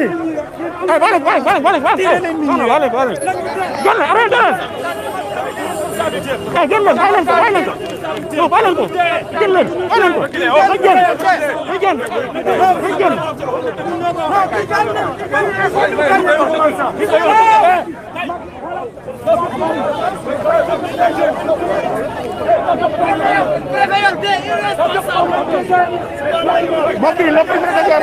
Vale, vale, vale, vale, vale. Vale, vale, vale. Dale, arre, dale. Ay, jël leen bàyyi leen ko bàyyi leen ko. Non, bàyyi leen ko. Jël leen, bàyyi leen ko. Ay, jël. Ay, jël. Ay, jël. Non, mbokk yi lépp dina ko jar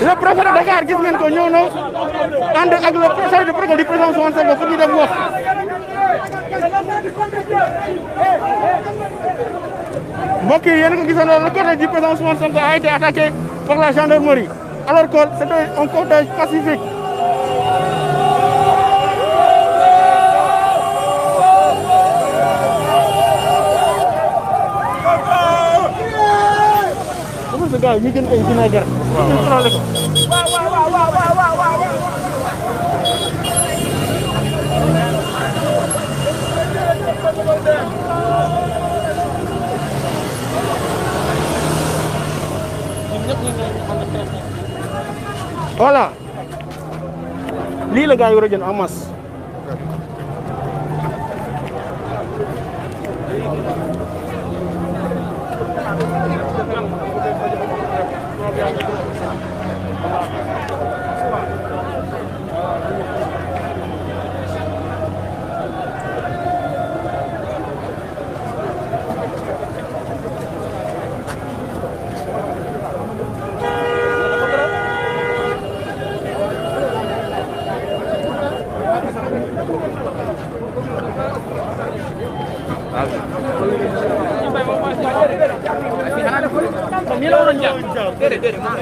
le préfet de Dakar gis ngeen ko ñëw na ànd ak le préfet de protocole di président Ousmane Sonko fu ñu dem wax mbokk yi yéen a ko gisoon le cortège du président Ousmane Sonko a été attaqué par la gendarmerie alors que c'était un cortège pacifique. Waaw waaw waaw waaw waaw voilà lii la gars yi war a jël en Wow, déedéet maa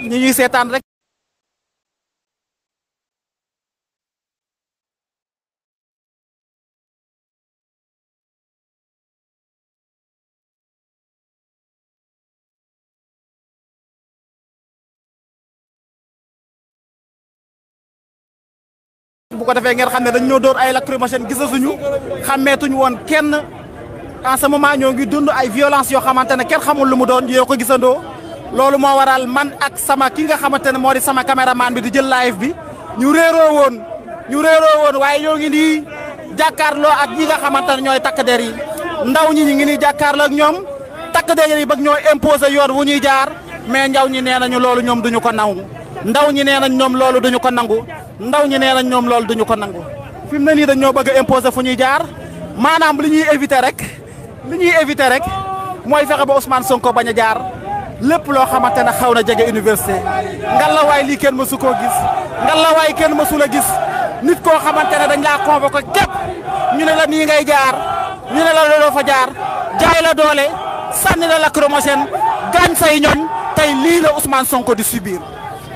ngi ñu ñuy sétane rek. bu ko defé ngeen xam ne dañ ñoo dóor ay lacrymogène xamé xàmmeetuñ won kenn en ce moment ñoo ngi dund ay violence yo xamantene kenn xamul lu mu doon yo ko gisando lolu mo waral man ak sama ki nga xamantene modi sama cameraman bi di jël live bi ñu réeroo won ñu réeroo won waye ñoo ngi nii ak ñi nga xamantene ñoy tak der yi ndaw ñi ñi ngi jakarlo ak ñom tak der yi bak ñoy imposer yoon wu ñuy jaar mais ndaw ñi nenañu lolu ñom duñu ko naw ndaw ñi nenañ ñom lolu duñu ko nangu ndaw ñi nee nañ ñoom loolu duñu ko nangu fi mu ne nii dañoo ñoo bëgg a imposer fu ñuy jaar maanaam li ñuy éviter rek li ñuy éviter rek mooy fexe ba Ousmane Sonko bañ a jaar lépp loo xamante ne xaw na jege université ngallaawaay lii kenn mësu koo gis ngallaawaay kenn mësul a gis nit koo xamante ne dañ laa ko képp ñu ne la nii ngay jaar ñu ne la looloo fa jaar jaay la doole sànni la lacrymogène gaañ say ñoñ tey lii la Ousmane Sonko di subir.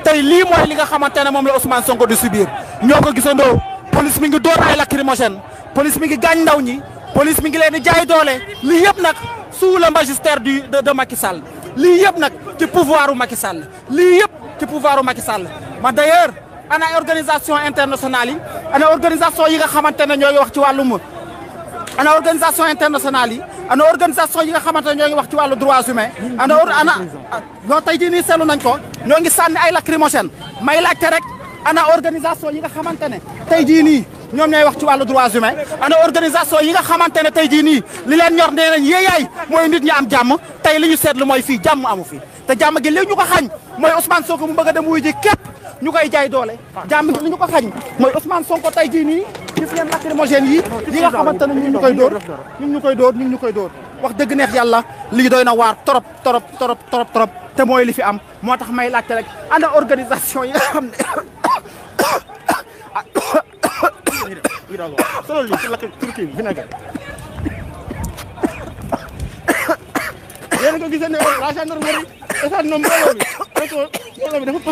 tey lii mooy li nga xamante ne moom la Ousmane Sonko di subir ñoo ko gisandoo police mi ngi door ay lacrymogène police mi ngi gaañ ndaw ñi police mi ngi leen di jaay doole lii yëpp nag sous le magistère du de de Sall lii yëpp nag ci pouvoiru Macky sàll lii yëpp ci pouvoiru Macky Sall ma d'ailleurs ana organisation internationale yi ana organisation yi nga xamante ne ñoo ngi wax ci wàllum. ana organisation internationale yi ana organisation yi nga xamante ne ñoo ngi wax ci wàllu droits humains ana ana ñoo tey jii nii seetlu nañ ko ñoo ngi sànni ay lacrymogène may laajte rek ana organisation yi nga xamante ne tey jii nii ñoom ñooy wax ci wàllu droits humains ana organisation yi nga xamante ne tey jii nii li leen ñor nee nañ yéeyaay mooy nit ñi am jàmm tey li ñu seetlu mooy fii jàmm amu fi te jàmm gi léegi ñu ko xañ mooy Ousmane Sonko mu bëgg dem wuy ji képp ñu koy jaay doole jàmm gi li ñu mooy Ousmane Sonko tey jii nii ci flemme lacrymogène yi yi nga xamante ne ñu ngi ñu koy dóor ñu ñu koy dóor wax dëgg neex yàlla lii doy na waar trop trop trop trop trop te mooy li fi am moo tax may laajte rek ana organisation yi nga xam ne la gendarmerie état nombre bi dafa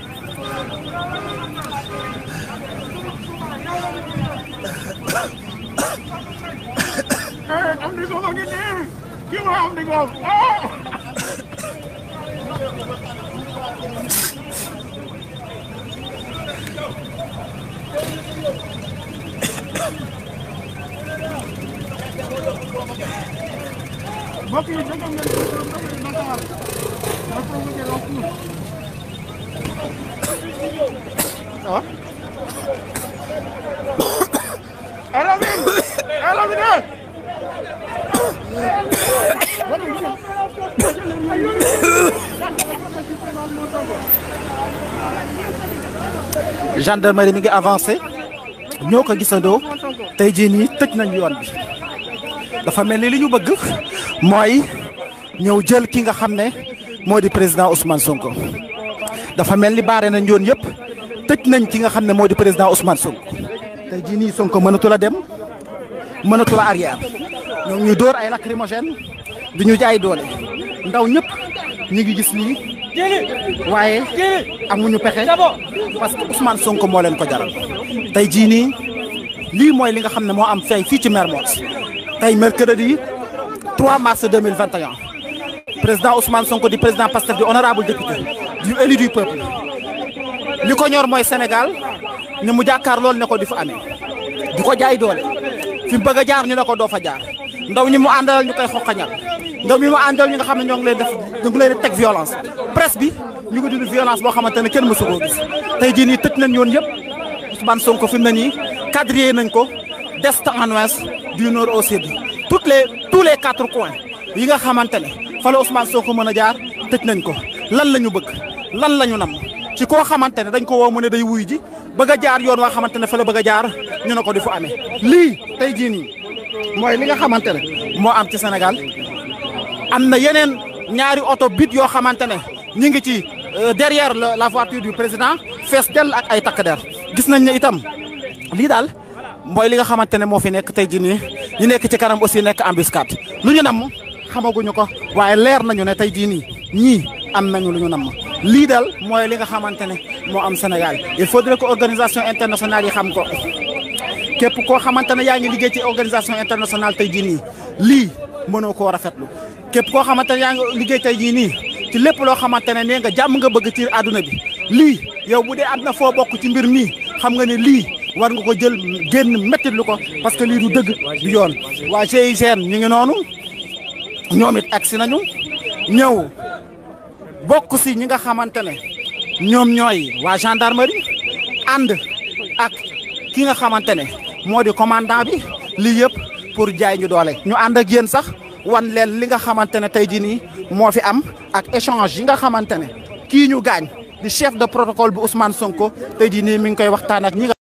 running off. Bakın dedim ben ne kadar. Bakın ne kadar okumuş. Ha? Elavin! Elavin! Elavin! gendarmerie mi ngi avancer ñoko gissando tay jini jii nii nañ yoon bi dafa melni li ñu bëgg moy ñew jël ki nga xamné modi di président Ousmane Sonko dafa melni baré baare nañ yoon yëpp kinga nañ ki nga xamné modi di président Ousmane Sonko tay jini nii Sonko mënatu la dem mënatu la arrière ñu dóor ay lacrymogène du ñu jaay doole ndaw ñëpp ñu ngi gis lii waaye amuñu pexe parce que Ousmane Sonko moo leen ko jaral tey jii nii lii mooy li nga xam ne moo am fay fii ci Mermoz tey mercredi 3 mars 2021 président Ousmane Sonko di président Pastef di honorable député di élu du peuple li ko ñor mooy senegal ñu mu jàkkaar loolu ne ko di fa amee di ko jaay doole fi mu bëgg jaar ñu ne ko doo fa jaar ndaw ñi mu àndal ñu koy xoqañal ndaw ñi mu àndal nga xam ne ñoo ngi leen def ñu ngi leen di teg violence presse bi ñu ngi dund violence boo xamante ne kenn mësu koo gis tey jii nañ yoon yëpp Ousmane Sonko fi mu ne nii quadrillé nañ ko des en ouest du nord au sud toutes les tous les quatre coins yi nga xamante ne fa la Ousmane Sonko mën a jaar tëj nañ ko lan la ñu bëgg lan la ñu nam ci koo xamante ne dañ ko woo mu ne day wuy ji bëgg a jaar yoon waa xamante ne fa bëgg a jaar ñu ne ko di amee lii tey jii nii mooy li nga xamante ne moo am ci Sénégal am na yeneen ñaari oto bit yoo xamante ne ñu ngi ci euh, derrière la voiture du président fees dell ak ay takk der gis nañ ne itam lii daal mooy li nga xamante ne moo fi nekk tey jii nii ñu nekk ci kanam aussi nekk embuscade lu ñu namm xamaguñu ko waaye leer nañu ne tey jii nii ñii am nañu lu ñu namm lii daal mooy li nga xamante ne moo am Sénégal il faudrait que organisation internationale yi xam ko. képp koo xamante ne yaa ngi liggéey ci organisation internationale tey jii nii lii mënoo koo rafetlu képp koo xamante ne yaa ngi liggéey tey jii nii ci lépp loo xamante ne nee nga jàmm nga bëgg ci àdduna bi lii yow bu dee foo ci mbir mii xam nga ne lii war nga ko jël génn lu ko parce que lii du dëgg du yoon waa GIGN ñu ngi noonu ñoom it agsi nañu ñëw bokk si ñi nga xamante ne ñoom ñooy waa gendarmerie ànd ak ki nga xamante moo di commandant bi lii yëpp pour jaay ñu doole. ñu ànd ak yéen sax wan leen li nga xamante ne tey jii nii moo fi am ak échange yi nga xamante ne kii ñu gaañ di chef de protocole bu Ousmane Sonko tey jii nii mi ngi koy waxtaan ak ñi nga